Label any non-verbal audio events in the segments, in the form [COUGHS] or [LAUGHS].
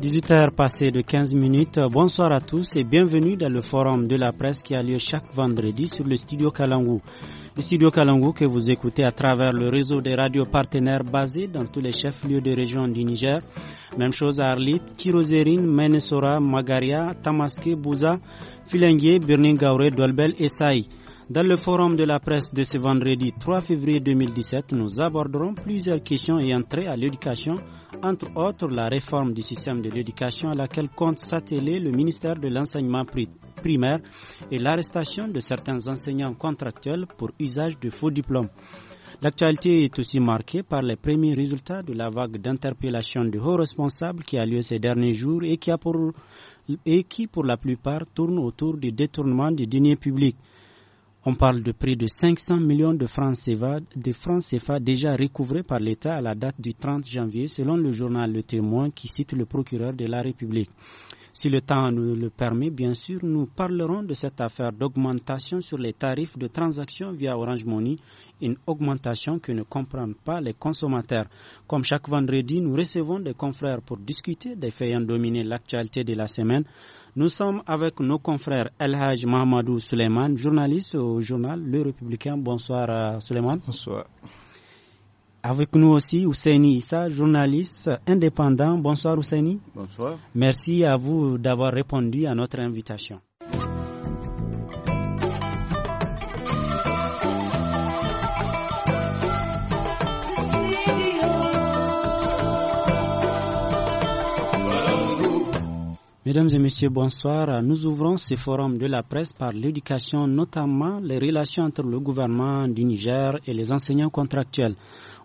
18h passées de 15 minutes, bonsoir à tous et bienvenue dans le forum de la presse qui a lieu chaque vendredi sur le studio Kalangou. Le studio Kalangou que vous écoutez à travers le réseau des radios partenaires basés dans tous les chefs-lieux de région du Niger. Même chose à Arlit, Kirozerine, Menesora, Magaria, Tamaské, Bouza, Filengue, Birningaure, Dolbel et Saï. Dans le forum de la presse de ce vendredi 3 février 2017, nous aborderons plusieurs questions et entrées à l'éducation, entre autres la réforme du système de l'éducation à laquelle compte s'atteler le ministère de l'enseignement primaire et l'arrestation de certains enseignants contractuels pour usage de faux diplômes. L'actualité est aussi marquée par les premiers résultats de la vague d'interpellation de hauts responsables qui a lieu ces derniers jours et qui, pour, et qui pour la plupart tourne autour du détournement des deniers publics. On parle de près de 500 millions de francs CFA, francs déjà recouvrés par l'État à la date du 30 janvier, selon le journal Le Témoin qui cite le procureur de la République. Si le temps nous le permet, bien sûr, nous parlerons de cette affaire d'augmentation sur les tarifs de transaction via Orange Money, une augmentation que ne comprennent pas les consommateurs. Comme chaque vendredi, nous recevons des confrères pour discuter des faits ayant dominé l'actualité de la semaine. Nous sommes avec nos confrères El Haj Mahamadou Suleiman, journaliste au journal Le Républicain. Bonsoir euh, Suleiman. Bonsoir. Avec nous aussi Ousseini Issa, journaliste indépendant. Bonsoir Ousseini. Bonsoir. Merci à vous d'avoir répondu à notre invitation. Mesdames et messieurs, bonsoir. Nous ouvrons ce forum de la presse par l'éducation, notamment les relations entre le gouvernement du Niger et les enseignants contractuels.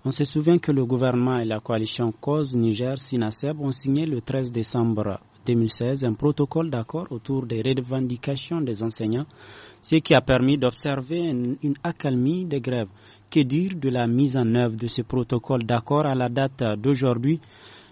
On se souvient que le gouvernement et la coalition Cause Niger-Sinaseb ont signé le 13 décembre 2016 un protocole d'accord autour des revendications des enseignants, ce qui a permis d'observer une, accalmie des grèves. Que dire de la mise en œuvre de ce protocole d'accord à la date d'aujourd'hui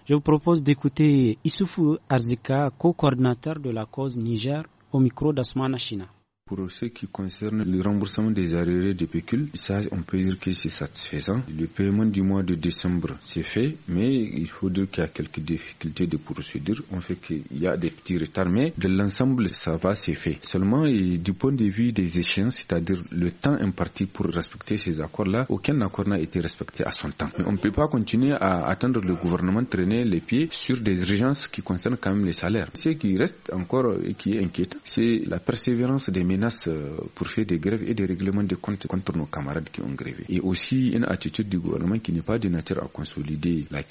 je vous propose d'écouter Issoufou Arzika, co-coordinateur de la cause Niger, au micro d'Asmana China. Pour ce qui concerne le remboursement des arriérés de pécule, ça, on peut dire que c'est satisfaisant. Le paiement du mois de décembre, c'est fait, mais il faut dire qu'il y a quelques difficultés de procédure. On fait qu'il y a des petits retards, mais de l'ensemble, ça va, c'est fait. Seulement, du point de vue des échéances, c'est-à-dire le temps imparti pour respecter ces accords-là, aucun accord n'a été respecté à son temps. on ne peut pas continuer à attendre le gouvernement traîner les pieds sur des urgences qui concernent quand même les salaires. Ce qui reste encore et qui est inquiétant, c'est la persévérance des menace euh, pour faire des grèves et des règlements de comptes contre nos camarades qui ont grévé. Et aussi une attitude du gouvernement qui n'est pas de nature à consolider la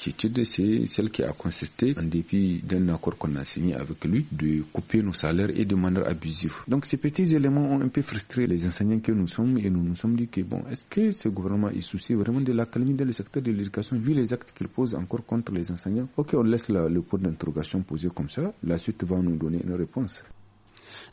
c'est celle qui a consisté, en dépit d'un accord qu'on a signé avec lui, de couper nos salaires et de manière abusive. Donc ces petits éléments ont un peu frustré les enseignants que nous sommes et nous nous sommes dit que bon, est-ce que ce gouvernement est soucié vraiment de la calamité dans le secteur de l'éducation vu les actes qu'il pose encore contre les enseignants Ok, on laisse le point d'interrogation posé comme ça. La suite va nous donner une réponse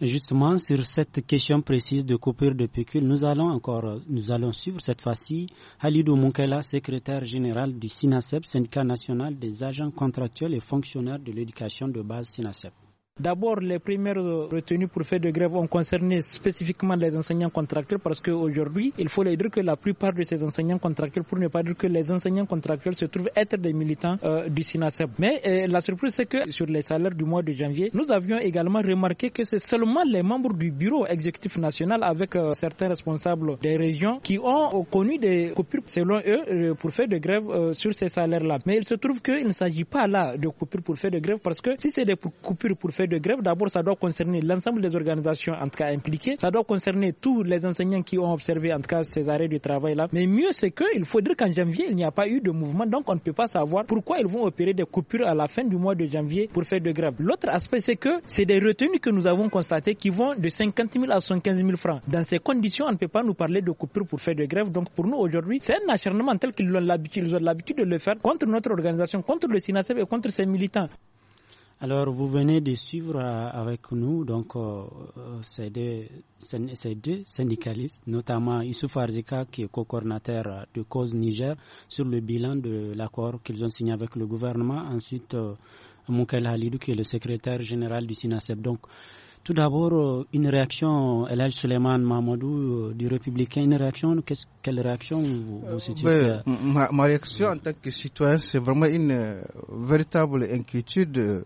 justement sur cette question précise de coupure de pécule. Nous allons encore, nous allons suivre cette fois-ci Halidou Moukela, secrétaire général du SINASEP, syndicat national des agents contractuels et fonctionnaires de l'éducation de base SINASEP. D'abord, les premières retenues pour faire de grève ont concerné spécifiquement les enseignants contractuels parce qu'aujourd'hui, il faut les dire que la plupart de ces enseignants contractuels, pour ne pas dire que les enseignants contractuels se trouvent être des militants euh, du SINASEP. Mais euh, la surprise, c'est que sur les salaires du mois de janvier, nous avions également remarqué que c'est seulement les membres du bureau exécutif national avec euh, certains responsables des régions qui ont connu des coupures, selon eux, pour faire de grève sur ces salaires-là. Mais il se trouve qu'il ne s'agit pas là de coupures pour faire de grève parce que si c'est des coupures pour faire de grève, d'abord, ça doit concerner l'ensemble des organisations, en tout cas impliquées. Ça doit concerner tous les enseignants qui ont observé, en tout cas, ces arrêts de travail-là. Mais mieux, c'est qu'il faut dire qu'en janvier, il n'y a pas eu de mouvement. Donc, on ne peut pas savoir pourquoi ils vont opérer des coupures à la fin du mois de janvier pour faire de grève. L'autre aspect, c'est que c'est des retenues que nous avons constatées qui vont de 50 000 à 115 000 francs. Dans ces conditions, on ne peut pas nous parler de coupures pour faire de grève. Donc, pour nous, aujourd'hui, c'est un acharnement tel qu'ils ont l'habitude de le faire contre notre organisation, contre le syndicat et contre ses militants. Alors, vous venez de suivre euh, avec nous, donc, euh, ces, deux, ces, deux, syndicalistes, notamment Issouf Arzika, qui est co-coordinateur de Cause Niger, sur le bilan de l'accord qu'ils ont signé avec le gouvernement. Ensuite, euh, Moukel Halidou, qui est le secrétaire général du SINASEP. Donc, tout d'abord, euh, une réaction, euh, Elhaj Suleiman Mamadou euh, du Républicain, une réaction, ce quelle réaction vous, vous ben, ma, ma, réaction en tant que citoyen, c'est vraiment une véritable inquiétude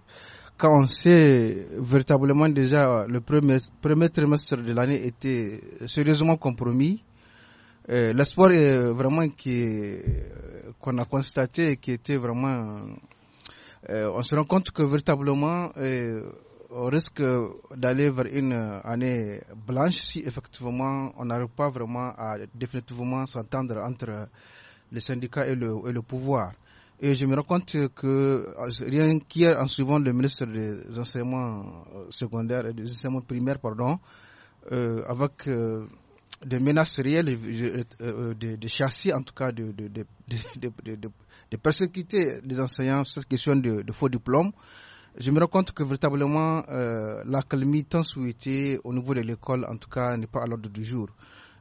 quand on sait véritablement déjà le premier, premier trimestre de l'année était sérieusement compromis. L'espoir est vraiment qu'on a constaté qui était vraiment... on se rend compte que véritablement on risque d'aller vers une euh, année blanche si effectivement on n'arrive pas vraiment à définitivement s'entendre entre euh, les syndicats et le, et le pouvoir. Et je me rends compte que euh, rien qu'hier, en suivant le ministre des enseignements secondaires et des enseignements primaires, pardon, euh, avec des menaces réelles, des, châssis en tout cas, de, de, de, de persécuter les enseignants sur cette question de, faux diplômes, je me rends compte que véritablement euh, la tant souhaitée au niveau de l'école, en tout cas, n'est pas à l'ordre du jour.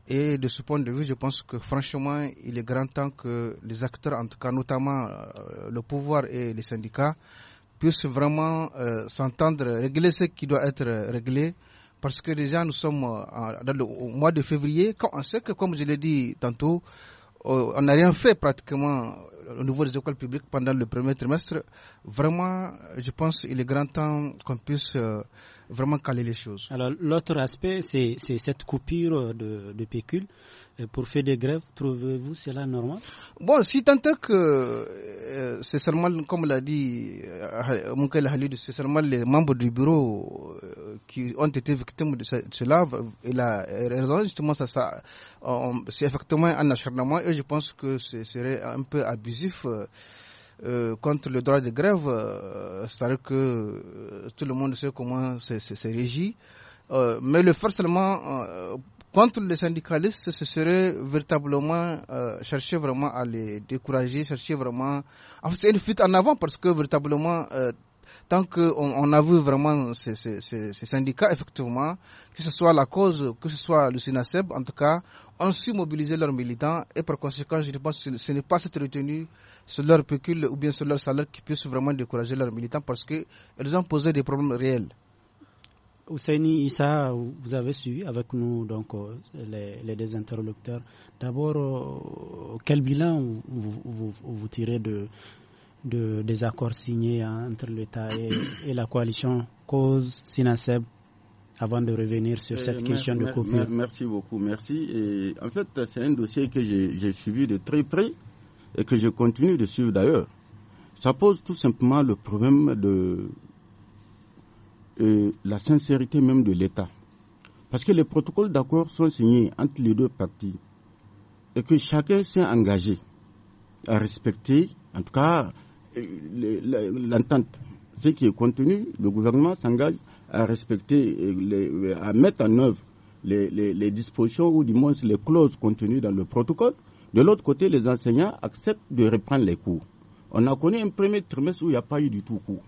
Et de ce point de vue, je pense que franchement, il est grand temps que les acteurs, en tout cas notamment euh, le pouvoir et les syndicats, puissent vraiment euh, s'entendre, régler ce qui doit être réglé. Parce que déjà, nous sommes euh, au mois de février, quand on sait que, comme je l'ai dit tantôt, euh, on n'a rien fait pratiquement au niveau des écoles publiques pendant le premier trimestre, vraiment, je pense qu'il est grand temps qu'on puisse euh, vraiment caler les choses. Alors, l'autre aspect, c'est cette coupure de, de pécule pour faire des grèves. Trouvez-vous cela normal Bon, si tant que euh, c'est seulement, comme l'a dit euh, Moukel Halid, c'est seulement les membres du bureau euh, qui ont été victimes de, cela, il a raison, justement, ça, c'est effectivement un acharnement et je pense que ce serait un peu abusif. Euh, contre le droit de grève, c'est-à-dire que tout le monde sait comment c'est régi. mais le faire seulement contre les syndicalistes, ce serait véritablement euh, chercher vraiment à les décourager, chercher vraiment. c'est une fuite en avant parce que véritablement. Euh, tant qu'on on a vu vraiment ces, syndicats, effectivement, que ce soit la cause, que ce soit le SINASEB, en tout cas, ont su mobiliser leurs militants et par conséquent, je pense que ce n'est pas cette retenue sur leur pécule ou bien sur leur salaire qui puisse vraiment décourager leurs militants parce qu'ils ont posé des problèmes réels. Ousseini Issa, vous avez suivi avec nous donc, euh, les, les deux interlocuteurs. D'abord, euh, quel bilan vous, tirez de, de, des accords signés entre l'État et, et, la coalition cause SINASEB avant de revenir sur cette euh, question de coupure Merci beaucoup, merci. Et en fait, c'est un dossier que j'ai suivi de très près et que je continue de suivre d'ailleurs. Ça pose tout simplement le problème de la sincérité même de l'État. Parce que les protocoles d'accord sont signés entre les deux parties et que chacun s'est engagé à respecter, en tout cas, euh, l'entente. Ce qui est contenu, le gouvernement s'engage à respecter, euh, à mettre en œuvre les, les, dispositions ou du moins les clauses contenues dans le protocole. De l'autre côté, les enseignants acceptent de reprendre les cours. On a connu un premier trimestre où il n'y a pas eu du tout cours.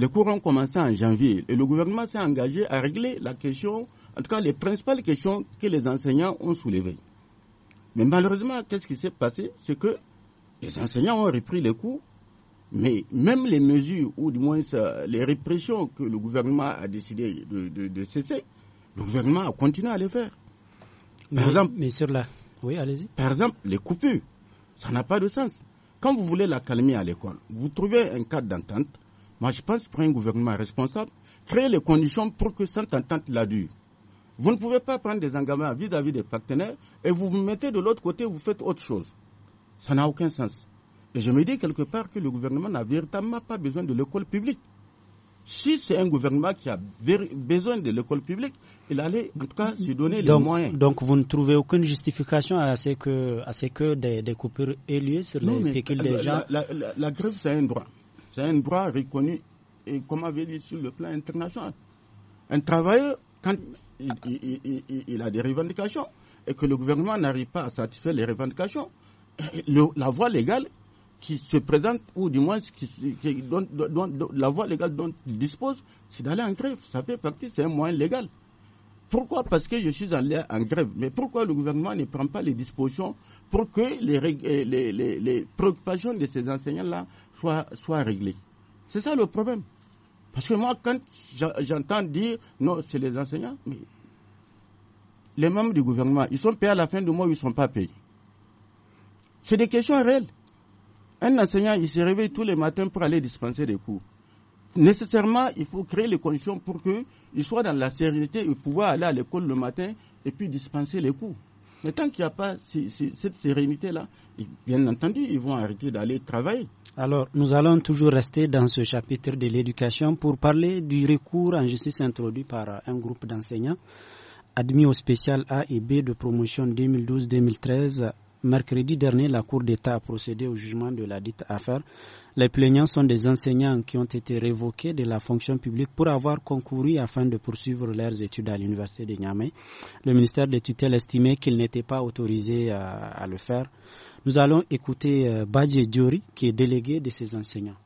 Les cours ont commencé en janvier et le gouvernement s'est engagé à régler la question, en tout cas les principales questions que les enseignants ont soulevées. Mais malheureusement, qu'est-ce qui s'est passé C'est que les enseignants ont repris les cours, mais même les mesures, ou du moins euh, les répressions que le gouvernement a décidé de, cesser, le gouvernement a continué à les faire. exemple, sur oui, allez-y. Par exemple, les coupures, ça n'a pas de sens. Quand vous voulez la calmer à l'école, vous trouvez un cadre d'entente, moi, je pense pour un gouvernement responsable, créer les conditions pour que cette entente la dure. Vous ne pouvez pas prendre des engagements vis-à-vis des partenaires et vous vous mettez de l'autre côté, vous faites autre chose. Ça n'a aucun sens. Et je me dis quelque part que le gouvernement n'a véritablement pas besoin de l'école publique. Si c'est un gouvernement qui a besoin de l'école publique, il allait en tout cas se donner les moyens. Donc vous ne trouvez aucune justification à ce que, des, coupures aient lieu sur les véhicules des gens la grève, c'est un droit. C'est un droit reconnu, et comme avait dit, sur le plan international. Un travailleur, quand il, a des revendications et que le gouvernement n'arrive pas à satisfaire les revendications, [COUGHS] la voie légale qui se présente, ou du moins la voie légale dont il dispose, c'est d'aller en grève. Ça fait partie, c'est un moyen légal. Pourquoi Parce que je suis en grève. Mais pourquoi le gouvernement ne prend pas les dispositions pour que les, euh, préoccupations de ces enseignants-là soient, soient réglées C'est ça le problème. Parce que moi, quand j'entends dire non, c'est les enseignants, mais les membres du gouvernement, ils sont payés à la fin du mois ou ils ne sont pas payés C'est des questions réelles. Un enseignant, il se réveille tous les matins pour aller dispenser des cours nécessairement, il faut créer les conditions pour qu'ils soient dans la sérénité et pouvoir aller à l'école le matin et puis dispenser les cours. Mais tant qu'il n'y a pas cette sérénité-là, bien entendu, ils vont arrêter d'aller travailler. Alors, nous allons toujours rester dans ce chapitre de l'éducation pour parler du recours en justice introduit par un groupe d'enseignants admis au spécial A et B de promotion 2012-2013 mercredi dernier, la Cour d'État a procédé au jugement de la dite affaire. Les plaignants sont des enseignants qui ont été révoqués de la fonction publique pour avoir concouru afin de poursuivre leurs études à l'Université de Niamey. Le ministère des tutelles estimait qu'il n'était pas autorisé euh, à, le faire. Nous allons écouter euh, Badje Diori, qui est délégué de ces enseignants.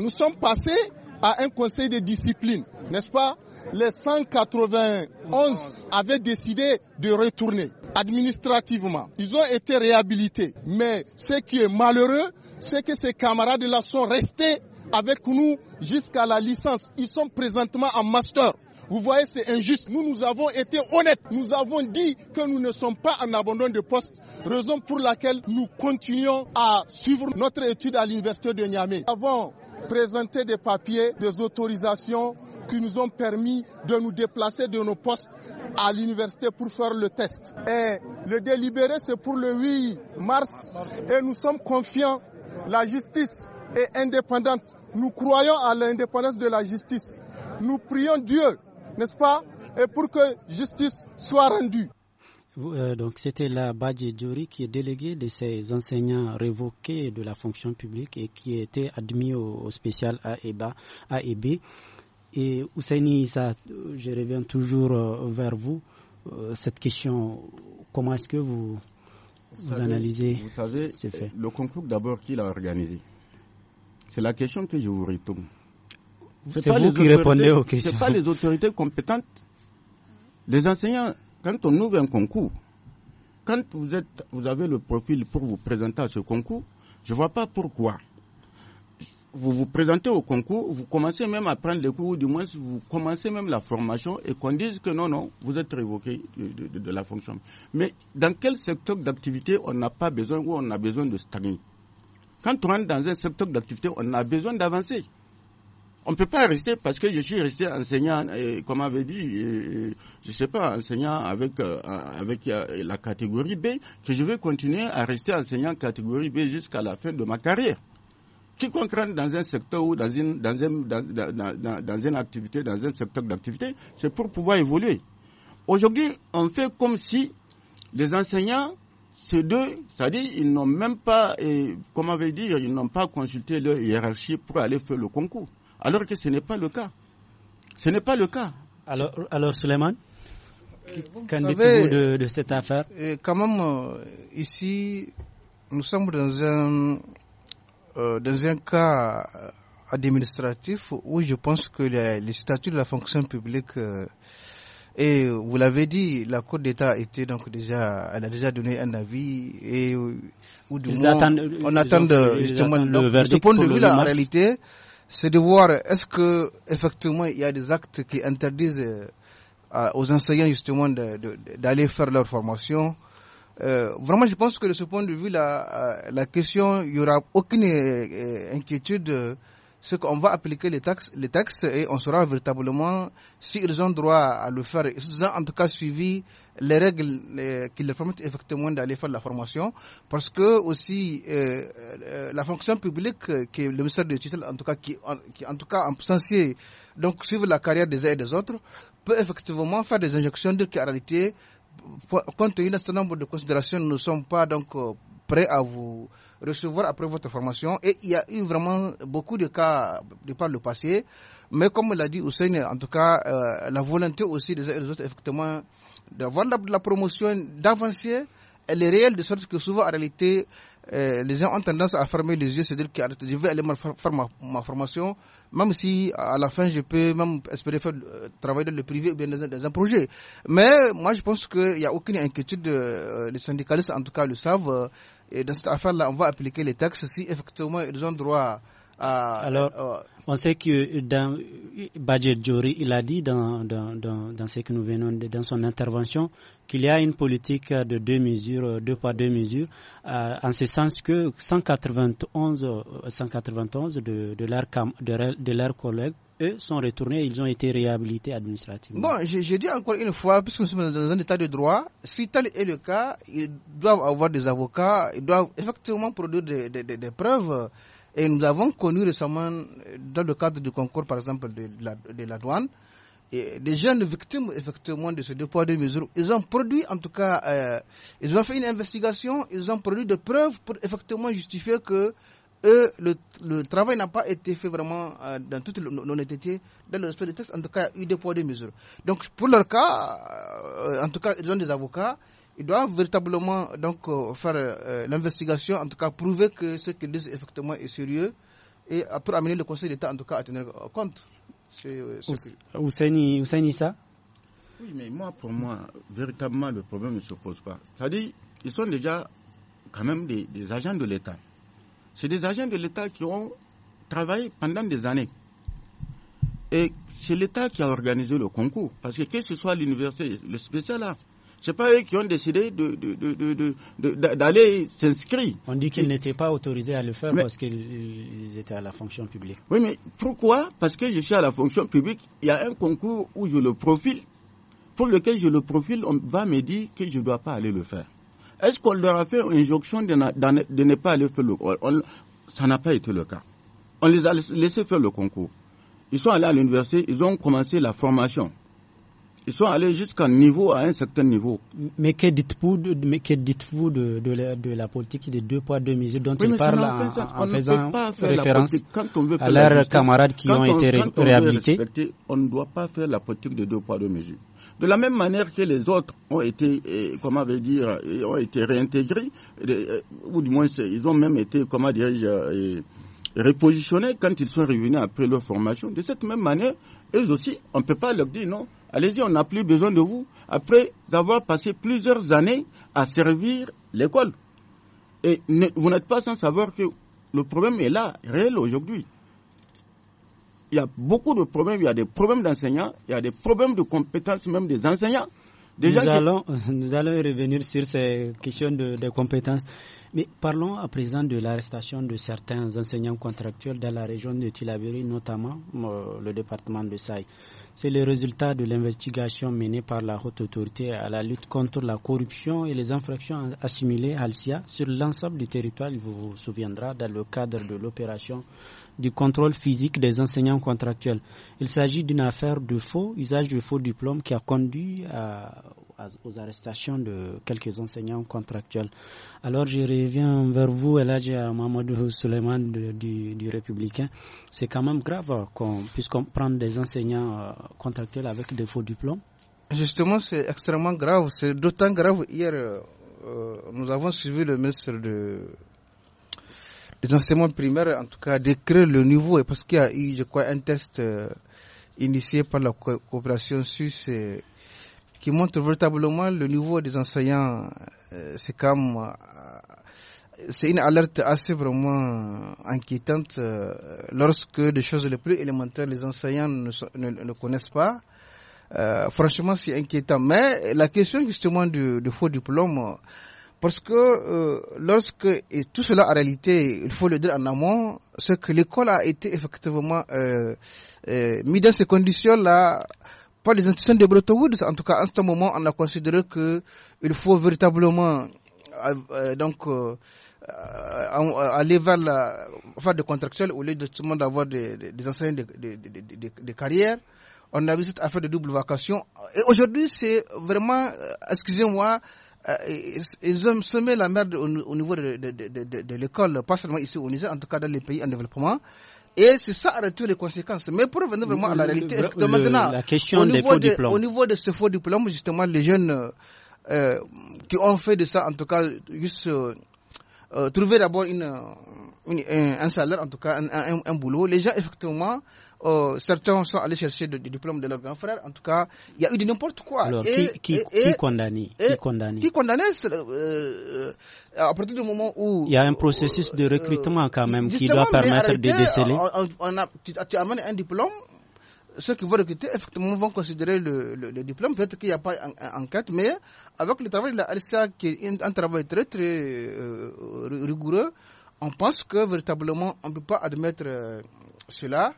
Nous sommes passés à un conseil de discipline n'est-ce pas Les 191 avaient décidé de retourner administrativement. Ils ont été réhabilités. Mais ce qui est malheureux, c'est que ces camarades-là sont restés avec nous jusqu'à la licence. Ils sont présentement en master. Vous voyez, c'est injuste. Nous, nous avons été honnêtes. Nous avons dit que nous ne sommes pas en abandon de poste, raison pour laquelle nous continuons à suivre notre étude à l'université de Niamey. Nous avons présenté des papiers, des autorisations qui nous ont permis de nous déplacer de nos postes à l'université pour faire le test. Et le délibéré, c'est pour le 8 mars et nous sommes confiants. La justice est indépendante. Nous croyons à l'indépendance de la justice. Nous prions Dieu, n'est-ce pas, et pour que justice soit rendue. Euh, donc c'était la Badje Diori qui est déléguée de ces enseignants révoqués de la fonction publique et qui était admis au, spécial A et et Ousseini je reviens toujours euh, vers vous. Euh, cette question, comment est-ce que vous, vous, analysez vous savez, euh, Le concours d'abord, qui l'a organisé C'est la question que je vous réponds. C'est vous qui répondez aux questions. Ce pas les autorités compétentes. Les enseignants, quand on ouvre un concours, quand vous, vous avez le profil pour vous présenter à ce concours, je ne vois pas pourquoi vous vous présentez au concours, vous commencez même à prendre des cours, ou du moins vous commencez même la formation et qu'on dise que non, non, vous êtes révoqué de, la fonction. Mais dans quel secteur d'activité on n'a pas besoin ou on a besoin de stagner Quand on rentre dans un secteur d'activité, on a besoin d'avancer. On ne peut pas rester parce que je suis resté enseignant, comme avait dit, euh, euh, je ne sais pas, enseignant avec, euh, la catégorie B, que je vais continuer à rester enseignant catégorie B jusqu'à la fin de ma carrière quiconque rentre dans un secteur ou dans une, dans, une activité, dans un secteur d'activité, c'est pour pouvoir évoluer. Aujourd'hui, on fait comme si les enseignants, ces deux, c'est-à-dire ils n'ont même pas, comment veut dire, ils n'ont pas consulté leur hiérarchie pour aller faire le concours. Alors que ce n'est pas le cas. Ce n'est pas le cas. Alors, alors Suleiman euh, Qu'en dites-vous de, cette affaire euh, Quand même, euh, ici, nous sommes dans un euh, dans un cas euh, administratif où je pense que les, statuts de la fonction publique euh, et vous l'avez dit, la Cour d'État était donc déjà, elle a déjà donné un avis et on attend justement le, de ce point de vue la réalité, c'est de voir est-ce que effectivement il y a des actes qui interdisent aux enseignants justement d'aller faire leur formation euh, vraiment, je pense que de ce point de vue, la, euh, la question, il n'y aura aucune euh, inquiétude. Ce qu'on va appliquer les taxes, les taxes et on saura véritablement s'ils ils ont droit à le faire. Ils ont en tout cas suivi les règles qui leur permettent effectivement d'aller faire la formation parce que aussi la fonction publique qui est le ministère de tutelle en tout cas qui, en, tout cas en censé donc suivre la carrière des uns et des autres peut effectivement faire des injections de qualité compte tenu un certain nombre de considérations, nous ne sommes pas donc euh, prêts à vous recevoir après votre formation. Et il y a eu vraiment beaucoup de cas de par le passé. Mais comme l'a dit Hussein, en tout cas, euh, la volonté aussi des autres, effectivement, d'avoir la, la, promotion, d'avancer elle est réelle de sorte que souvent en réalité, euh, les gens ont tendance à fermer les yeux, c'est-à-dire que je vais aller faire ma, formation, même si à la fin je peux même espérer faire, euh, travailler dans le privé ou bien dans, un projet. Mais moi je pense qu'il n'y a aucune inquiétude, euh, les syndicalistes en tout cas le savent, et dans cette affaire-là on va appliquer les taxes si effectivement ils ont droit à... Alors... On sait que dans Budget il a dit dans, dans, dans, ce que nous venons dans son intervention qu'il y a une politique de deux mesures, deux par deux mesures, euh, en ce sens que 191, 191 de, de leurs de, collègues eux sont retournés, ils ont été réhabilités administrativement. Bon, je, dis encore une fois, puisque nous sommes dans un état de droit, si tel est le cas, ils doivent avoir des avocats, ils doivent effectivement produire des, des, des preuves. Et nous avons connu récemment, euh, dans le cadre du concours, par exemple, de, la, de la, douane, des jeunes victimes, effectivement, de ce dépôt de mesures. Ils ont produit, en tout cas, euh, ils ont fait une investigation, ils ont produit des preuves pour effectivement justifier que eux, le, travail n'a pas été fait vraiment euh, dans toute l'honnêteté, dans le respect des textes, en tout cas, il y a eu des poids des mesures. Donc, pour leur cas, en tout cas, ils ont des avocats, ils doivent véritablement donc euh, faire euh, l'investigation, en tout cas prouver que ce qu'ils disent effectivement est sérieux et après euh, amener le Conseil d'État en tout cas à tenir compte. Ousseini ça Oui, mais moi, pour moi, véritablement, le problème ne se pose pas. C'est-à-dire, ils sont déjà quand même des, agents de l'État. C'est des agents de l'État qui ont travaillé pendant des années. Et c'est l'État qui a organisé le concours. Parce que que ce soit l'université, le spécial c'est pas eux qui ont décidé d'aller de, s'inscrire. On dit qu'ils n'étaient pas autorisés à le faire parce qu'ils étaient à la fonction publique. Oui, mais pourquoi Parce que je suis à la fonction publique, il y a un concours où je le profile, pour lequel je le profile, on va me dire que je ne dois pas aller le faire. Est-ce qu'on leur a fait une injonction de, de ne pas aller faire le concours Ça n'a pas été le cas. On les a laissés faire le concours. Ils sont allés à l'université, ils ont commencé la formation. Ils sont allés jusqu'à un niveau, à un certain niveau. Mais que dites-vous de, la, politique des deux poids, deux mesures dont ils parlent en, faisant référence quand on veut faire à leurs camarades qui quand ont on, été on réhabilités On ne doit pas faire la politique des deux poids, deux mesures. De la même manière que les autres ont été, eh, dire, eh, ont été réintégrés, eh, ou du moins ils ont même été, comment dirais repositionnés quand ils sont revenus après leur formation. De cette même manière, eux aussi, on ne peut pas leur dire non, Allez-y, on n'a plus besoin de vous après avoir passé plusieurs années à servir l'école. Et vous n'êtes pas sans savoir que le problème est là, réel aujourd'hui. Il y a beaucoup de problèmes. Il y a des problèmes d'enseignants, il y a des problèmes de compétences même des enseignants. [LAUGHS] nous, allons, revenir sur ces questions de, compétences. Mais parlons à présent de l'arrestation de certains enseignants contractuels dans la région de Tilabiri, notamment euh, le département de Saï. C'est le résultat de l'investigation menée par la haute autorité à la lutte contre la corruption et les infractions assimilées à Alcia sur l'ensemble du territoire, il vous, vous souviendra, dans le cadre de l'opération du contrôle physique des enseignants contractuels. Il s'agit d'une affaire de faux, usage de faux diplômes qui a conduit aux arrestations de quelques enseignants contractuels. Alors je reviens vers vous, Eladja Mamadou Suleiman du, du Républicain. C'est quand même grave qu'on puisse des enseignants euh, contracté avec des faux diplômes Justement, c'est extrêmement grave. C'est d'autant grave. Hier, euh, euh, nous avons suivi le ministre de, des enseignements primaires, en tout cas, décrire le niveau, parce qu'il y a eu, je crois, un test euh, initié par la coopération suisse qui montre véritablement le niveau des enseignants. c'est comme c'est une alerte assez vraiment euh, inquiétante euh, lorsque des choses les plus élémentaires, les enseignants ne, le connaissent pas. Euh, franchement, c'est inquiétant. Mais la question justement du, faux diplôme, parce que lorsque et tout cela en réalité, il faut le dire en amont, c'est que l'école a été effectivement euh, mise dans ces conditions-là par les institutions de Bretton Woods. En tout cas, en ce moment, on a considéré que il faut véritablement euh, donc euh, euh, aller vers la faire des contractuels au lieu justement d'avoir des, des, des, enseignants de, carrière. On a vu cette affaire de double vacation. Et aujourd'hui, c'est vraiment, excusez-moi, ils ont semé la merde au, niveau de, l'école, pas seulement ici au Niger, en tout cas dans les pays en développement. Et c'est ça à retour les conséquences. Mais pour revenir vraiment à la réalité, maintenant, la question au, niveau des au niveau de ce faux diplôme, justement, les jeunes euh, qui ont fait de ça, en tout cas, juste euh, euh, trouver d'abord une, un, salaire, en tout cas un, un, boulot. Les gens, effectivement, certains sont allés chercher des diplômes de leur grand frère. En tout cas, il y a eu de n'importe quoi. Alors, et, qui, qui, qui, condamne Qui condamne À partir du moment où. Il y a un processus de recrutement quand même qui doit permettre de déceler. Justement, on a, tu, tu amènes un diplôme ceux qui vont recruter, effectivement, vont considérer le, diplôme. Peut-être qu'il n'y a pas un mais avec le travail de la RCA, qui est un, travail très, très euh, rigoureux, on pense que véritablement, on ne peut pas admettre euh, cela.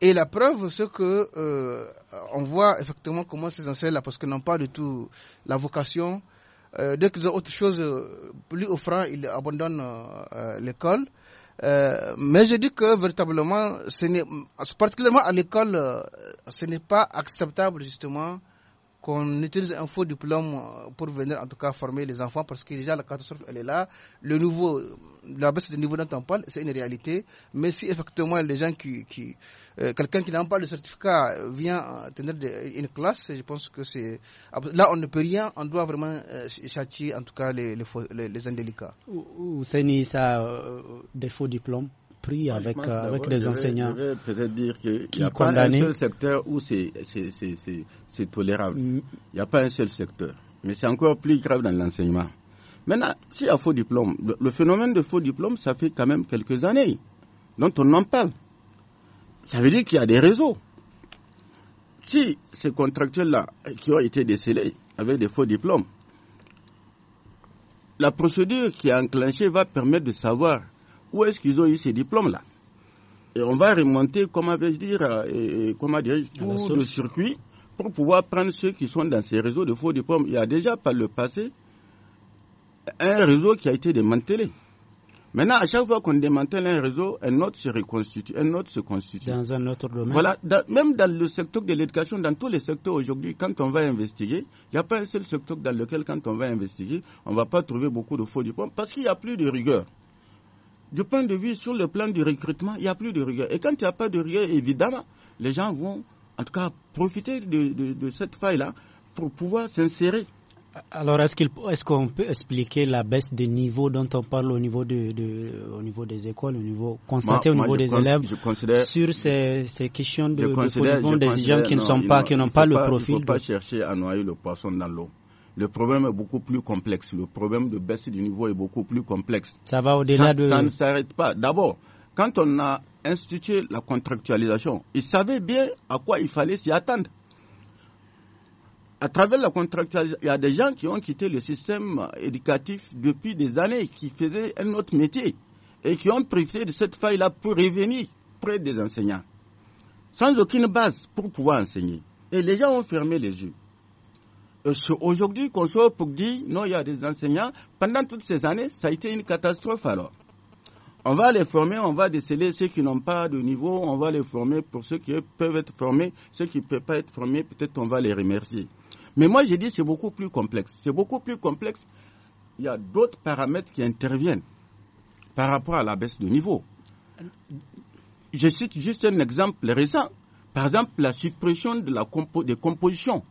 Et la preuve, c'est que euh, on voit effectivement comment ces enseignants-là, parce qu'ils n'ont pas du tout la vocation, dès qu'ils ont autre chose plus offrant, ils abandonnent l'école. Euh, mais je dis que véritablement, ce particulièrement à l'école, euh, ce n'est pas acceptable justement qu'on utilise un faux diplôme euh, pour venir en tout cas former les enfants parce que déjà la catastrophe elle est là. Le nouveau, la baisse du niveau dont on parle, c'est une réalité. Mais si effectivement les gens qui, qui euh, quelqu'un qui n'a pas le certificat vient euh, tenir une classe, je pense que c'est ah, là on ne peut rien, on doit vraiment châtier en tout cas les, les, les indélicats. Ou, ni ça, des faux diplômes pris ah, avec, euh, les enseignants. Il n'y a pas un seul secteur où c'est tolérable. Il mm. n'y a pas un seul secteur. Mais c'est encore plus grave dans l'enseignement. Maintenant, s'il y a faux diplôme, le, phénomène de faux diplôme, ça fait quand même quelques années dont on en parle. Ça veut dire qu'il y a des réseaux. Si ces contractuels-là qui ont été décelés avec des faux diplômes, la procédure qui est enclenchée va permettre de savoir où est-ce qu'ils ont eu ces diplômes-là Et on va remonter, comment vais-je dire, euh, et, comment dire, tout le circuit pour pouvoir prendre ceux qui sont dans ces réseaux de faux diplômes. Il y a déjà par le passé un réseau qui a été démantelé. Maintenant, à chaque fois qu'on démantèle un réseau, un autre se reconstitue, un autre se constitue. Dans un autre domaine. Voilà, même dans le secteur de l'éducation, dans tous les secteurs aujourd'hui, quand on va investiguer, il n'y a pas un seul secteur dans lequel, quand on va investiguer, on ne va pas trouver beaucoup de faux diplômes parce qu'il n'y a plus de rigueur du point de vue sur le plan du recrutement, il n'y a plus de rigueur. Et quand il n'y a pas de rigueur, évidemment, les gens vont, en tout cas, profiter de, cette faille-là pour pouvoir s'insérer. Alors, est-ce qu'on est peut expliquer la baisse des niveaux dont on parle au niveau, de, au niveau des écoles, au niveau, constaté au niveau des élèves, sur ces, questions de, de des gens qui ne sont pas, qui n'ont pas, le profil Il ne pas chercher à noyer le poisson dans l'eau. Le problème est beaucoup plus complexe. Le problème de baisse du niveau est beaucoup plus complexe. Ça va au-delà de. Ça ne s'arrête pas. D'abord, quand on a institué la contractualisation, ils savaient bien à quoi il fallait s'y attendre. À travers la contractualisation, il y a des gens qui ont quitté le système éducatif depuis des années, qui faisaient un autre métier et qui ont profité de cette faille-là pour revenir près des enseignants, sans aucune base pour pouvoir enseigner. Et les gens ont fermé les yeux. Euh, aujourd'hui qu'on soit pour dire non, il y a des enseignants. Pendant toutes ces années, ça a été une catastrophe alors. On va les former, on va déceler ceux qui n'ont pas de niveau, on va les former pour ceux qui peuvent être formés, ceux qui ne peuvent pas être formés, peut-être on va les remercier. Mais moi, j'ai dit c'est beaucoup plus complexe. C'est beaucoup plus complexe. Il y a d'autres paramètres qui interviennent par rapport à la baisse de niveau. Je cite juste un exemple récent. Par exemple, la suppression de la des compositions.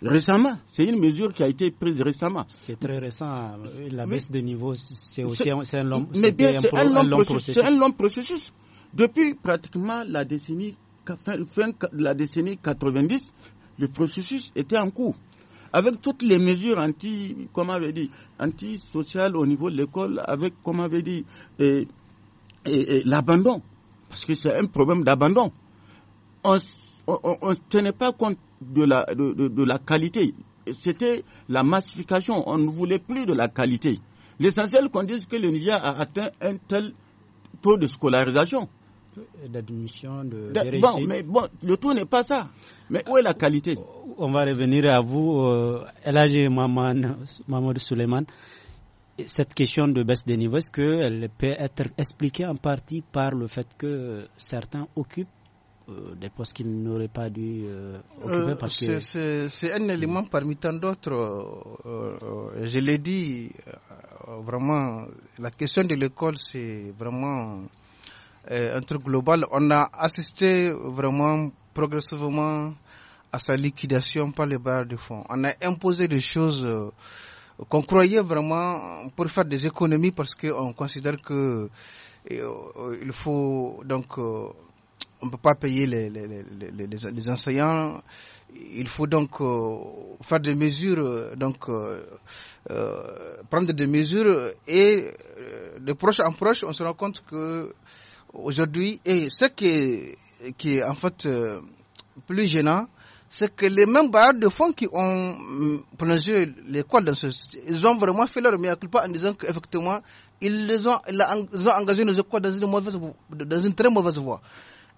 Récemment, c'est une mesure qui a été prise récemment. C'est très récent. Euh, la baisse de niveau, c'est aussi un, long, mais bien, processus. C'est un long processus. Depuis pratiquement la décennie, fin, de la décennie 90, le processus était en cours. Avec toutes les mesures anti, comment avait dit, antisociales au niveau de l'école, avec, comment avait dit, l'abandon. Parce que c'est un problème d'abandon. On on ne tenait pas compte de la, de, de, la qualité. C'était la massification. On ne voulait plus de la qualité. L'essentiel qu'on dise que le Niger a atteint un tel taux de scolarisation. D'admission, de, Bon, mais bon, le tout n'est pas ça. Mais où est la qualité On va revenir à vous, euh, Mamadou Suleiman. Cette question de baisse des niveaux, est-ce qu'elle peut être expliquée en partie par le fait que certains occupent euh, des postes qu'ils n'auraient pas dû euh, euh, occuper C'est un élément parmi tant d'autres. je l'ai dit, vraiment, la question de l'école, c'est vraiment un truc global. On a assisté vraiment progressivement à sa liquidation par les barres de fonds. On a imposé des choses qu'on croyait vraiment pour faire des économies parce qu'on considère que il faut donc on ne peut pas payer les, les, les, les, enseignants. Il faut donc euh, faire des mesures, euh, donc euh, prendre des mesures et de proche en proche, on se rend compte que aujourd'hui, et ce qui est, qui en fait plus gênant, c'est que les mêmes barres de fonds qui ont mm, plongé l'école dans ce ils ont vraiment fait leur meilleur culpa en disant qu'effectivement, ils, les ont, ils ont engagé nos écoles dans une, dans une très mauvaise voie.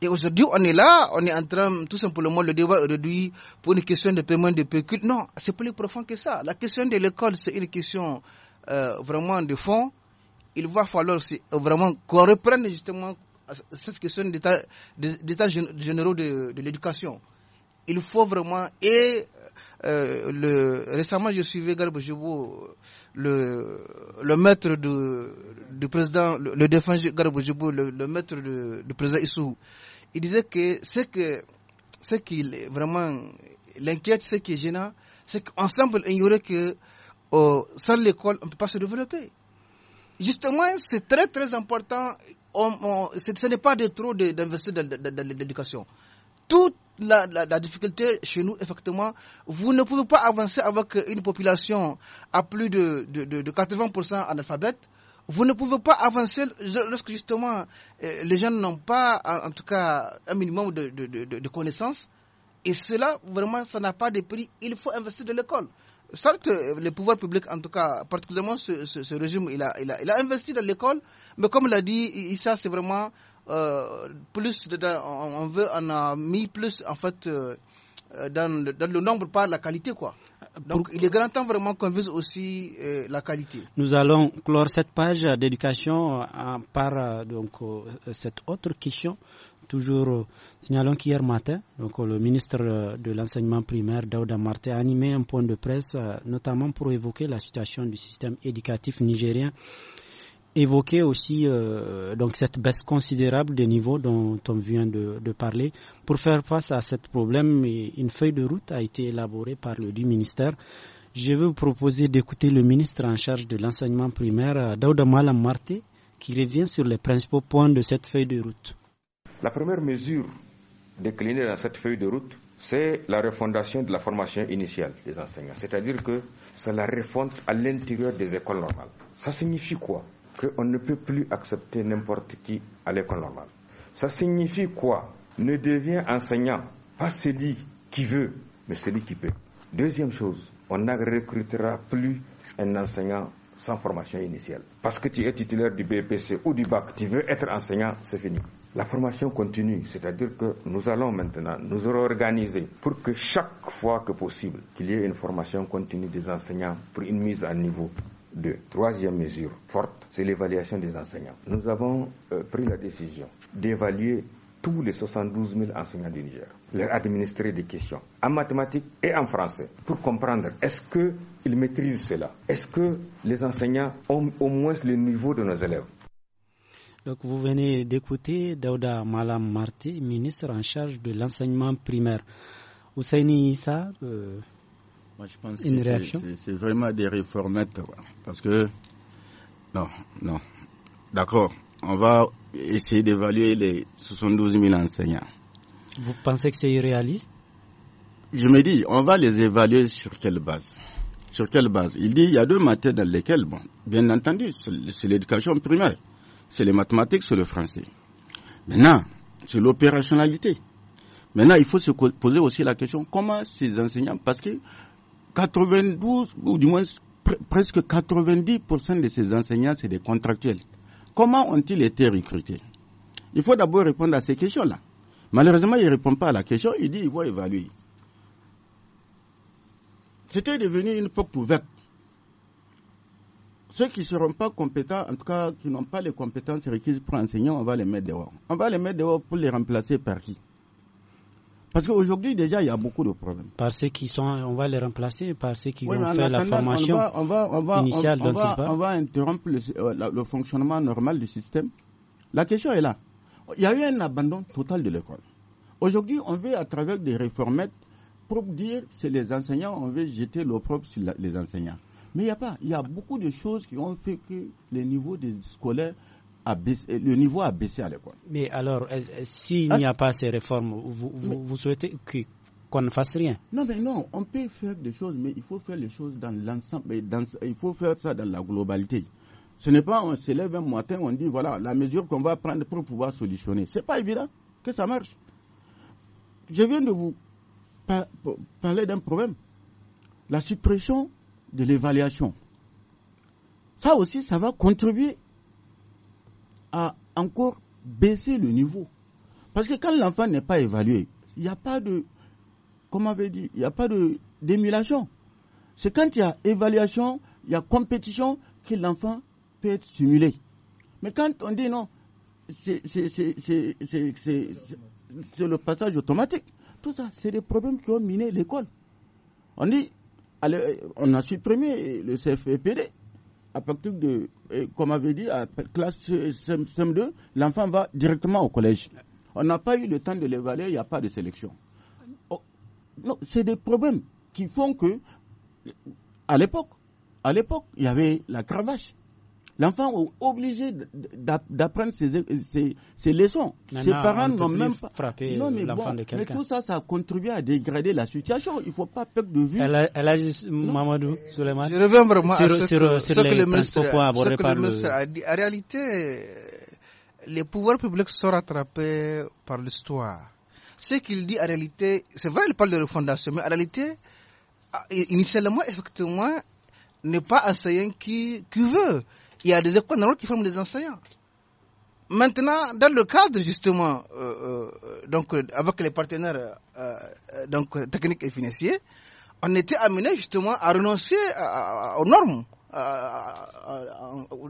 Et aujourd'hui, on est là, on est en train, tout simplement, le débat réduit pour une question de paiement de pécule. Non, c'est plus profond que ça. La question de l'école, c'est une question euh, vraiment de fond. Il va falloir vraiment qu'on reprenne justement cette question d'état généraux de l'éducation il faut vraiment et euh, le, récemment, je suivais Garbo Jibou, le, le maître du, président, le, défenseur Garbo Jibou, le, maître du, président Issou. Il disait que ce que, ce qui vraiment l'inquiète, ce qui est gênant, c'est qu'ensemble, il y aurait que, euh, sans l'école, on ne peut pas se développer. Justement, c'est très très important. On, ce n'est pas de trop d'investir dans, dans l'éducation. Tout la, difficulté chez nous, effectivement, vous ne pouvez pas avancer avec une population à plus de, de, de, 80% analphabète. Vous ne pouvez pas avancer lorsque justement euh, les jeunes n'ont pas, en, tout cas, un minimum de, connaissances. Et cela, vraiment, ça n'a pas de prix. Il faut investir dans l'école. Certes, euh, le pouvoir public, en tout cas, particulièrement ce, résume il a, il a investi dans l'école, mais comme l'a dit Issa, c'est vraiment euh, plus, on a mis plus en fait euh, euh, dans, le, nombre par la qualité quoi. Donc il est grand temps vraiment qu'on vise aussi la qualité. Nous allons clore cette page d'éducation par donc cette autre question. Toujours signalons qu'hier matin, donc, le ministre de l'enseignement primaire, Daouda Marté, a animé un point de presse, notamment pour évoquer la situation du système éducatif nigérien évoquer aussi euh, donc cette baisse considérable des niveaux dont on vient de, parler. Pour faire face à ce problème, une feuille de route a été élaborée par le du ministère. Je veux vous proposer d'écouter le ministre en charge de l'enseignement primaire, euh, Daouda Malam Marté, qui revient sur les principaux points de cette feuille de route. La première mesure déclinée dans cette feuille de route, c'est la refondation de la formation initiale des enseignants. C'est-à-dire que c'est la refonte à l'intérieur des écoles normales. Ça signifie quoi qu'on ne peut plus accepter n'importe qui à l'école normale. Ça signifie quoi Ne devient enseignant pas celui qui veut, mais celui qui peut. Deuxième chose, on ne recrutera plus un enseignant sans formation initiale. Parce que tu es titulaire du BPC ou du bac, tu veux être enseignant, c'est fini. La formation continue, c'est-à-dire que nous allons maintenant nous réorganiser pour que chaque fois que possible, qu'il y ait une formation continue des enseignants pour une mise à niveau deux. Troisième mesure forte, c'est l'évaluation des enseignants. Nous avons euh, pris la décision d'évaluer tous les 72 000 enseignants du Niger, leur administrer des questions en mathématiques et en français pour comprendre est-ce qu'ils maîtrisent cela, est-ce que les enseignants ont au moins le niveau de nos élèves. Donc vous venez d'écouter Daouda Malam Marti, ministre en charge de l'enseignement primaire. Ousseini Issa, euh, je pense que C'est vraiment des réformateurs. Parce que. Non, non. D'accord. On va essayer d'évaluer les 72 000 enseignants. Vous pensez que c'est irréaliste Je me dis, on va les évaluer sur quelle base Sur quelle base Il dit, il y a deux matières dans lesquelles, bien entendu, c'est l'éducation primaire, c'est les mathématiques, c'est le français. Maintenant, c'est l'opérationnalité. Maintenant, il faut se poser aussi la question, comment ces enseignants, parce que 92 ou du moins presque 90% de ces enseignants, c'est des contractuels. Comment ont-ils été recrutés Il faut d'abord répondre à ces questions-là. Malheureusement, il ne répond pas à la question, il dit qu'il va évaluer. C'était devenu une porte ouverte. Ceux qui ne seront pas compétents, en tout cas qui n'ont pas les compétences requises pour enseigner, on va les mettre dehors. On va les mettre dehors pour les remplacer par qui parce qu'aujourd'hui, déjà, il y a beaucoup de problèmes. Par ceux qui sont, on va les remplacer par ceux qui vont faire la formation on va, initiale On va interrompre euh, le, fonctionnement normal du système. La question est là. Il y a eu un abandon total de l'école. Aujourd'hui, on veut, à travers des réformettes, pour dire c'est les enseignants, on veut jeter l'opprobre sur les enseignants. Mais il n'y a pas. Il y a beaucoup de choses qui ont fait que les niveaux des scolaires le niveau a baissé à l'école. Mais alors, s'il hein? n'y a pas ces réformes, vous, souhaitez qu'on ne fasse rien Non, mais non, on peut faire des choses, mais il faut faire les choses dans l'ensemble, il faut faire ça dans la globalité. Ce n'est pas on se lève un matin, on dit voilà la mesure qu'on va prendre pour pouvoir solutionner. n'est pas évident que ça marche. Je viens de vous parler d'un problème, la suppression de l'évaluation. Ça aussi, ça va contribuer à encore baisser le niveau. Parce que quand l'enfant n'est pas évalué, il n'y a pas de, comment avait dit, il n'y a pas de d'émulation. C'est quand il y a évaluation, il y a compétition que l'enfant peut être stimulé. Mais quand on dit non, c'est le passage automatique. Tout ça, c'est des problèmes qui ont miné l'école. On dit, on a supprimé le CFPD à partir de, comme avait dit, à classe sem 2 l'enfant va directement au collège. On n'a pas eu le temps de l'évaluer, il n'y a pas de sélection. Oh, non, c'est des problèmes qui font que, à l'époque, à l'époque, il y avait la cravache. L'enfant est obligé d'apprendre ses, leçons. ses parents n'ont même pas frappé l'enfant mais, bon, mais tout ça, ça contribue à dégrader la situation. Il ne faut pas perdre de vue. Elle a, juste, Mamadou Souleymane Je reviens vraiment sur, à ce, que, le ministre, ce que le ministre le... a dit. En réalité, les pouvoirs publics sont rattrapés par l'histoire. Ce qu'il dit en réalité, c'est vrai, il parle de refondation, mais en réalité, ah, initialement, effectivement, n'est pas un qui, qui veut il y a des écoles qui forment des enseignants. Maintenant, dans le cadre justement, euh, euh, donc euh, avec les partenaires donc techniques et financiers, on était amené justement à renoncer aux normes.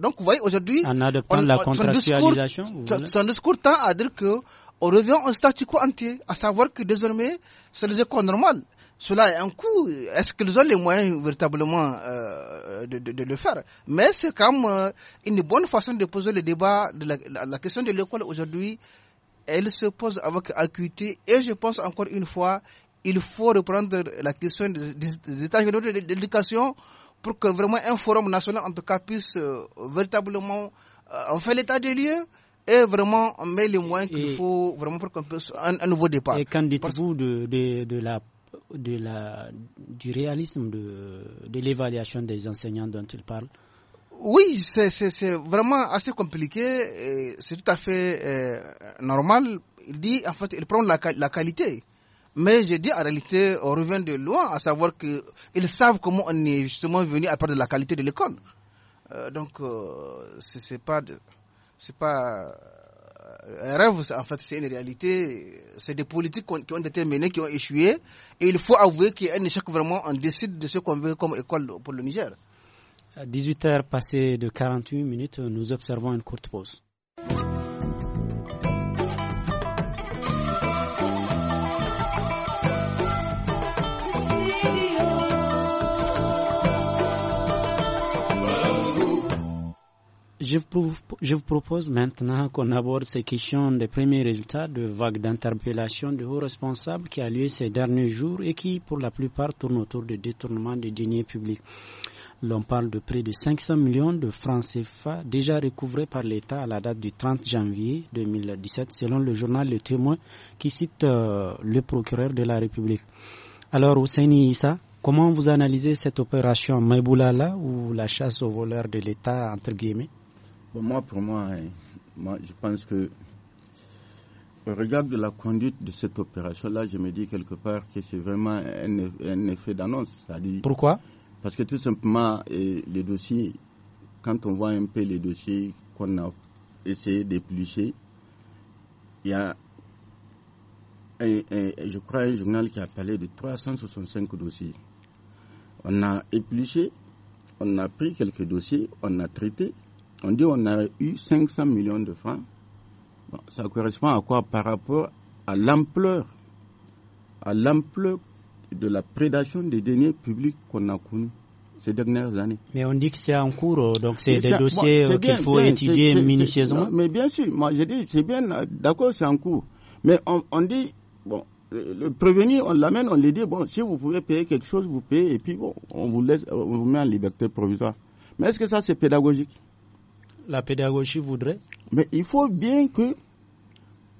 donc vous voyez aujourd'hui, en adoptant on, la contractualisation, son discours, son discours tend à dire que on revient au statu quo entier, à savoir que désormais, c'est les écoles normal. Cela est un coût. Est-ce qu'ils ont les moyens véritablement euh, de, le faire Mais c'est comme euh, une bonne façon de poser le débat de la, question de l'école aujourd'hui. Elle se pose avec acuité et je pense encore une fois, il faut reprendre la question des, états généraux de l'éducation pour que vraiment un forum national en tout cas puisse euh, véritablement, en l'état des lieux et vraiment, on met les moyens qu'il faut vraiment pour qu'on puisse un, nouveau départ. Et qu'en dites-vous de, de, la, de la, du réalisme de, de l'évaluation des enseignants dont il parle oui, c'est vraiment assez compliqué, c'est tout à fait euh, normal. Il dit, en fait, il prend la, la qualité. Mais je dis en réalité, on revient de loin, à savoir qu'ils savent comment on est justement venu à part de la qualité de l'école. Euh, donc, euh, ce n'est pas. De c'est pas euh, un rêve, en fait, c'est une réalité. C'est des politiques qui ont été menées, qui ont échoué. Et il faut avouer qu'il y a un échec vraiment. On décide de ce qu'on veut comme école pour le Niger. À 18h passées de 48 minutes, nous observons une courte pause. je, vous, propose maintenant qu'on aborde ces questions des premiers résultats de vagues d'interpellation de hauts responsables qui a lieu ces derniers jours et qui, pour la plupart, tournent autour de détournement des deniers publics. L'on parle de près de 500 millions de francs CFA déjà recouvrés par l'État à la date du 30 janvier 2017, selon le journal Le Témoin qui cite euh, le procureur de la République. Alors, Ousseini Issa, comment vous analysez cette opération Maiboulala ou la chasse aux voleurs de l'État, entre guillemets pour moi, pour hein, moi, je pense que au regard de la conduite de cette opération-là, je me dis quelque part que c'est vraiment un, effet d'annonce. Pourquoi Parce que tout simplement, euh, les dossiers, quand on voit un peu les dossiers qu'on a essayé d'éplucher, il y a, je crois, un journal qui a parlé de 365 dossiers. On a épluché, on a pris quelques dossiers, on a traité, on dit qu'on a eu 500 millions de francs. ça correspond à quoi par rapport à l'ampleur, à l'ampleur de la prédation des deniers publics qu'on a connus ces dernières années. Mais on dit que c'est en cours, donc c'est des dossiers qu'il faut étudier minutieusement. mais bien sûr, moi j'ai dit, c'est bien, d'accord, c'est en cours. Mais on, dit, bon, le, le prévenu, on l'amène, on lui dit, bon, si vous pouvez payer quelque chose, vous payez, et puis bon, on vous laisse, on vous met en liberté provisoire. Mais est-ce que ça c'est pédagogique la pédagogie voudrait. Mais il faut bien que,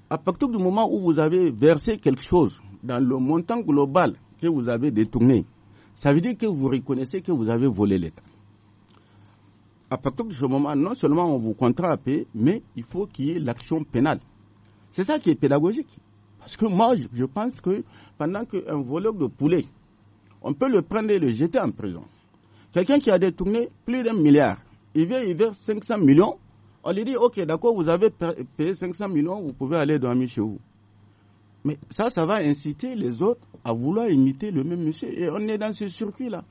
à partir du moment où vous avez versé quelque chose dans le montant global que vous avez détourné, ça veut dire que vous reconnaissez que vous avez volé l'État. À partir de ce moment, non seulement on vous payer, mais il faut qu'il y ait l'action pénale. C'est ça qui est pédagogique. Parce que moi, je pense que pendant qu'un voleur de poulet, on peut le prendre et le jeter en prison. Quelqu'un qui a détourné plus d'un milliard, il vient, il verse 500 millions. On lui dit, OK, d'accord, vous avez payé 500 millions, vous pouvez aller dormir chez vous. Mais ça, ça va inciter les autres à vouloir imiter le même monsieur. Et on est dans ce circuit-là.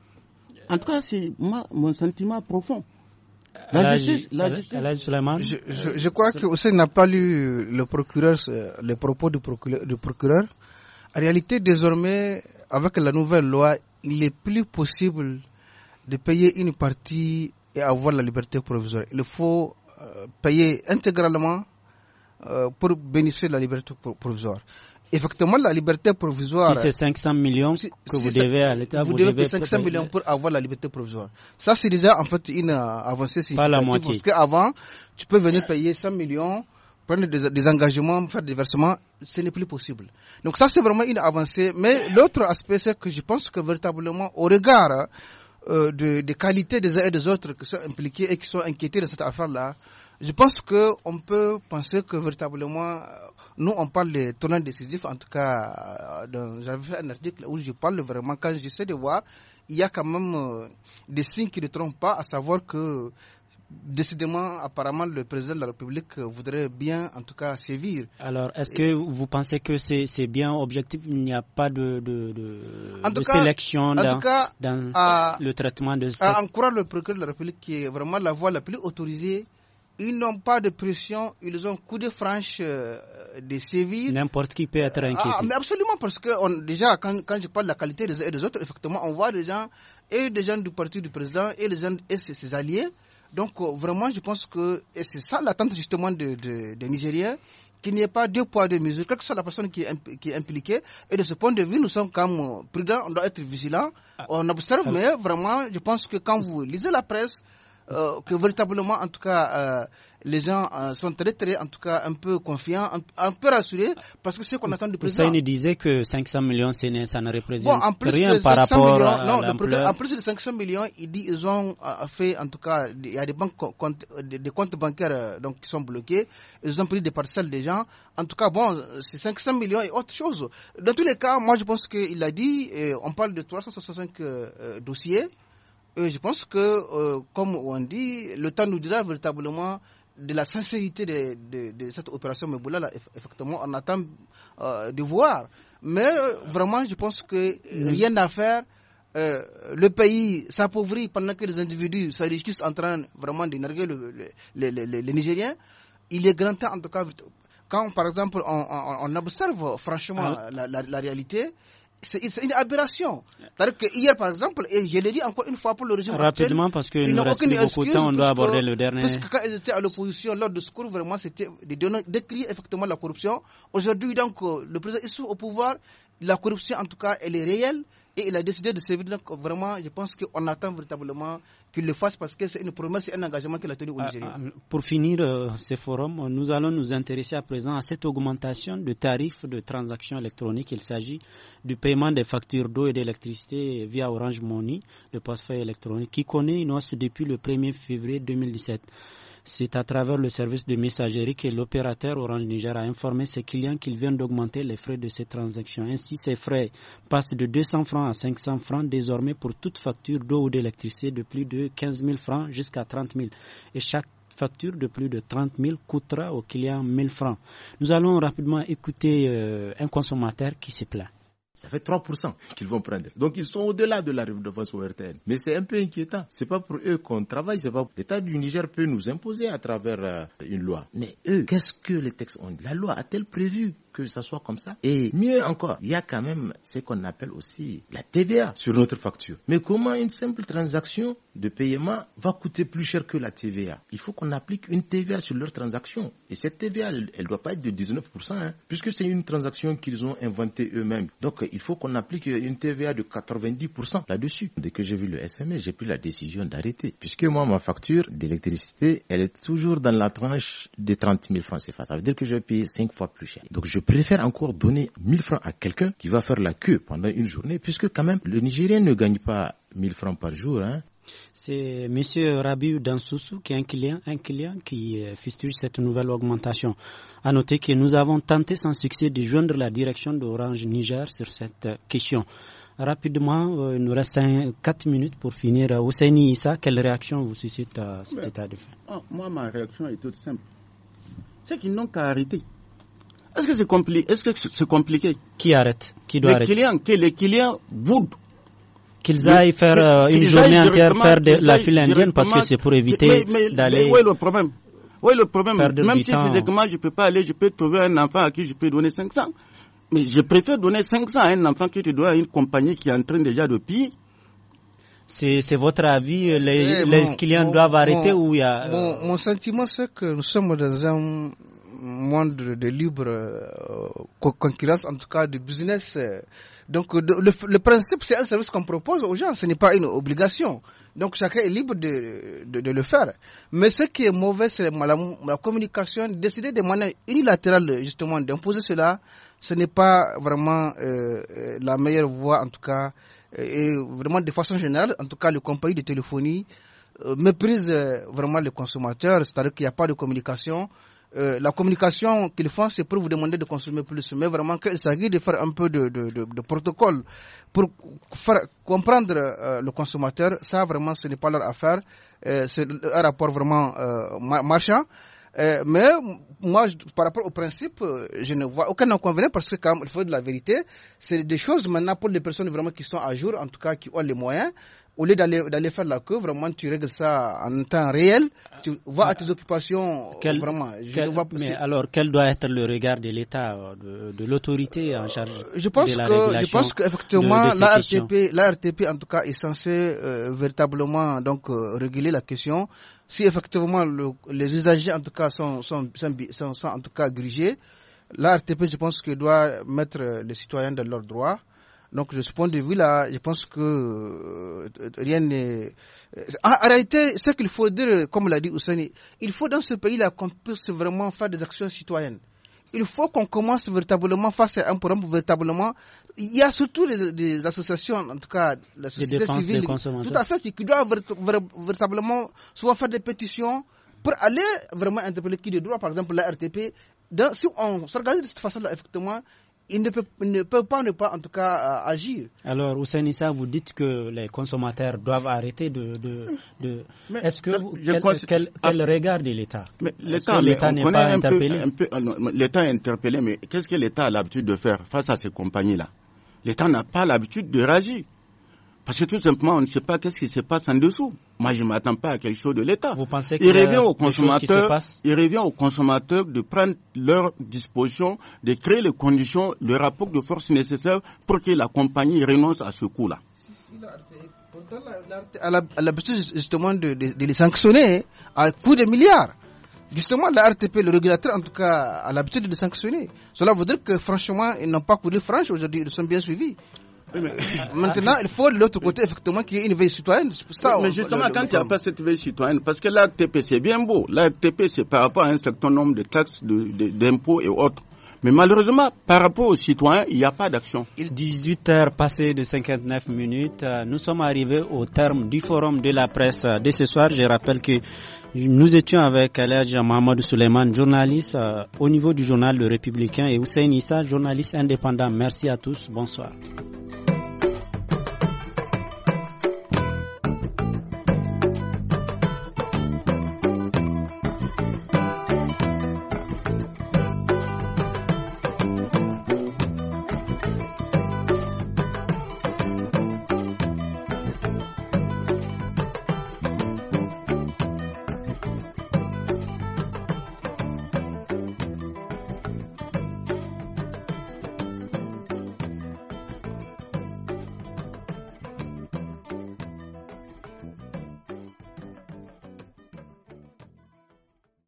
En tout cas, c'est mon sentiment profond. La justice, la justice. je, crois que n'a pas lu le procureur, euh, les propos du procureur, du procureur. En réalité, désormais, avec la nouvelle loi, il est plus possible de payer une partie et avoir la liberté provisoire. Il faut euh, payer intégralement euh, pour bénéficier de la liberté provisoire. Effectivement, la liberté provisoire. Si c'est 500 millions que vous devez à l'État, vous, vous, devez, 500 millions pour avoir la liberté provisoire. Ça, c'est déjà en fait une euh, avancée Pas la moitié. Parce qu'avant, tu peux venir payer 100 millions prendre des, engagements, faire des versements, ce n'est plus possible. Donc ça, c'est vraiment une avancée. Mais l'autre aspect, c'est que je pense que véritablement, au regard euh, de, de, qualité des uns et des autres qui sont impliqués et qui sont inquiétés de cette affaire-là, je pense que on peut penser que véritablement, euh, nous on parle de tournant décisif, en tout cas, euh, j'avais fait un article où je parle vraiment, quand j'essaie de voir, il y a quand même euh, des signes qui ne trompent pas, à savoir que décidément, apparemment, le président de la République voudrait bien, en tout cas, sévir. Alors, est-ce que vous pensez que c'est bien objectif Il n'y a pas de, sélection dans, tout cas, à, le traitement de ça le Président de la République, qui est vraiment la voie la plus autorisée, ils n'ont pas de pression, ils ont coup de franche euh, de sévir. N'importe qui peut être ah, inquiété. absolument, parce que déjà, quand, je parle de la qualité des uns et des autres, effectivement, on voit des gens, et des gens du parti du président, et, les gens, ses alliés, donc euh, vraiment, je pense que c'est ça l'attente justement de, des Nigériens qu'il n'y ait pas deux poids, deux mesures, quelle que soit la personne qui est, impliquée. Et de ce point de vue, nous sommes quand même euh, prudents, on doit être vigilants, ah. on observe, mais vraiment, je pense que quand vous lisez la presse, euh, que véritablement, en tout cas, les gens euh, sont très, très, en tout cas, un peu confiants, un, peu rassurés, parce que c'est ce qu'on attend du président. Hussein disait que 500 millions, ça ne représente rien par rapport millions, à non, En plus de 500 millions, il dit ils ont euh, fait, en tout cas, il y a des, banques, comptes, euh, comptes bancaires donc, qui sont bloqués, ils ont pris des parcelles des gens. En tout cas, bon, c'est 500 millions et autre chose. Dans tous les cas, moi, je pense qu'il a dit, on parle de 365 dossiers. Et je pense que, comme on dit, le temps nous dira véritablement de la sincérité de, cette opération Meboula, effectivement, on attend euh, de voir. Mais euh, vraiment, je pense que euh, rien à faire. le pays s'appauvrit pendant que les individus s'enrichissent en train vraiment d'énerver les Nigériens. Il est grand temps, en tout cas, quand par exemple on, observe franchement ah. la, réalité, c'est une aberration. que hier, par exemple, et je l'ai dit encore une fois pour le régime Rapidement, parce qu'il nous aucune beaucoup temps, on doit aborder le dernier. Parce que quand ils étaient à l'opposition, lors de ce cours, vraiment, c'était de décrire effectivement la corruption. Aujourd'hui, donc, euh, le président est sous au pouvoir, la corruption, en tout cas, elle est réelle il a décidé de servir. Donc vraiment, je pense qu'on attend véritablement qu'il le fasse parce que c'est une promesse et un engagement qu'il a tenu au ah, Nigeria. Ah, pour finir euh, ce forum, nous allons nous intéresser à présent à cette augmentation de tarifs de transactions électroniques. Il s'agit du paiement des factures d'eau et d'électricité via Orange Money, le portefeuille électronique, qui connaît une hausse depuis le 1er février 2017. C'est à travers le service de messagerie que l'opérateur Orange Niger a informé ses clients qu'il vient d'augmenter les frais de ces transactions. Ainsi, ces frais passent de 200 francs à 500 francs désormais pour toute facture d'eau ou d'électricité de plus de 15 000 francs jusqu'à 30 000. Et chaque facture de plus de 30 000 coûtera au client 1 000 francs. Nous allons rapidement écouter euh, un consommateur qui se plaint. Ça fait 3% qu'ils vont prendre. Donc ils sont au-delà de la redevance RTL. Mais c'est un peu inquiétant. C'est pas pour eux qu'on travaille, c'est pas l'État du Niger peut nous imposer à travers euh, une loi. Mais eux, qu'est-ce que les textes ont La loi a-t-elle prévu que ça soit comme ça. Et mieux encore, il y a quand même ce qu'on appelle aussi la TVA sur notre facture. Mais comment une simple transaction de paiement va coûter plus cher que la TVA Il faut qu'on applique une TVA sur leur transaction. Et cette TVA, elle ne doit pas être de 19%, hein, puisque c'est une transaction qu'ils ont inventée eux-mêmes. Donc il faut qu'on applique une TVA de 90% là-dessus. Dès que j'ai vu le SMS, j'ai pris la décision d'arrêter. Puisque moi, ma facture d'électricité, elle est toujours dans la tranche de 30 000 francs CFA. Ça veut dire que je vais payer 5 fois plus cher. Donc je préfère encore donner 1000 francs à quelqu'un qui va faire la queue pendant une journée, puisque quand même le Nigérien ne gagne pas 1000 francs par jour. Hein. C'est M. Rabiu Dansousou, qui est un client, un client qui euh, fistule cette nouvelle augmentation. A noter que nous avons tenté sans succès de joindre la direction d'Orange Niger sur cette question. Rapidement, euh, il nous reste 4 minutes pour finir. Ousseini Issa, quelle réaction vous suscite euh, à cet état de fait ah, Moi, ma réaction est toute simple. C'est qu'ils n'ont qu'à arrêter. Est-ce que c'est est -ce c'est compliqué Qui arrête Qui doit les clients, que les clients Qu'ils aillent faire euh, une journée entière, faire de la file indienne parce que c'est pour éviter d'aller. Oui, le problème Oui, le problème. Même si physiquement je ne peux pas aller, je peux trouver un enfant à qui je peux donner 500. Mais je préfère donner 500 à un enfant que tu dois à une compagnie qui est en train déjà de piller. C'est votre avis euh, Les, eh, les clients doivent arrêter ou il y a... mon sentiment, c'est que nous sommes dans un monde de libre euh, concurrence, en tout cas de business. Euh. Donc le, principe, c'est un service qu'on propose aux gens, ce n'est pas une obligation. Donc chacun est libre de, de, le faire. Mais ce qui est mauvais, c'est la, communication. Décider de manière unilatérale, justement, d'imposer cela, ce n'est pas vraiment euh, la meilleure voie, en tout cas. Et vraiment, de façon générale, en tout cas, les compagnies de téléphonie méprisent vraiment les consommateurs. c'est-à-dire qu'il n'y a pas de communication. Euh, la communication qu'ils font, c'est pour vous demander de consommer plus. Mais vraiment, qu'il s'agit de faire un peu de, de, de, protocole pour comprendre euh, le consommateur. Ça, vraiment, ce n'est pas leur affaire. Euh, c'est un rapport vraiment marchand. mais moi, par rapport au principe, je ne vois aucun inconvénient parce que quand il faut de la vérité, c'est des choses maintenant pour les personnes vraiment qui sont à jour, en tout cas qui ont les moyens au lieu d'aller faire la queue, vraiment, tu règles ça en temps réel. Tu vas à tes ah. occupations. vraiment. Je vois, mais alors, quel doit être le regard de l'État, de, l'autorité en euh, charge je pense que, Je pense qu'effectivement, la, la en tout cas, est censée euh, véritablement donc, euh, réguler la question. Si effectivement les usagers, en tout cas, sont, sont, sont, en tout cas grigés, l'ARTP, je pense que doit mettre les citoyens dans leurs droits donc, de ce point de vue-là, je pense que euh, rien n'est. Euh, en, réalité, ce qu'il faut dire, comme l'a dit Oussani, il faut dans ce pays-là qu'on puisse vraiment faire des actions citoyennes. Il faut qu'on commence véritablement face à un problème véritablement. Il y a surtout des associations, en tout cas la société civile, tout à fait, qui, doivent véritablement souvent faire des pétitions pour aller vraiment interpeller qui de droit, par exemple la RTP. si on s'organise de cette façon-là, effectivement, il ne peut, pas ne pas, en tout cas, euh, agir. Alors, Ousseinissa, vous dites que les consommateurs doivent arrêter de. de, Est-ce que. vous quel, ah. regard de l'État L'État n'est pas interpellé L'État est interpellé, mais qu'est-ce que l'État a l'habitude de faire face à ces compagnies-là L'État n'a pas l'habitude de réagir. Parce que tout simplement, on ne sait pas qu'est-ce qui se passe en dessous. Moi, je ne m'attends pas à quelque chose de l'État. Vous pensez il revient aux consommateurs, de prendre leur disposition, de créer les conditions, le rapport de force nécessaire pour que la compagnie renonce à ce coût-là. a l'habitude justement de, les sanctionner hein, à coût de milliards. Justement, la RTP, le régulateur, en tout cas, a l'habitude de les sanctionner. Cela veut dire que, franchement, ils n'ont pas coulé franche aujourd'hui, ils sont bien suivis. Euh, maintenant, il faut de l'autre côté, effectivement, qu'il y ait une veille citoyenne. Ça, mais justement, quand il n'y a pas cette veille citoyenne, parce que l'ATP, c'est bien beau. L'ATP, c'est par rapport à un certain nombre de taxes, d'impôts de, et autres. Mais malheureusement, par rapport aux citoyens, il n'y a pas d'action. Il 18 heures passées de 59 minutes, euh, nous sommes arrivés au terme du forum de la presse de ce soir. Je rappelle que nous étions avec Alerj Mohamed Suleiman, journaliste euh, au niveau du journal Le Républicain, et Hussein Issa, journaliste indépendant. Merci à tous. Bonsoir.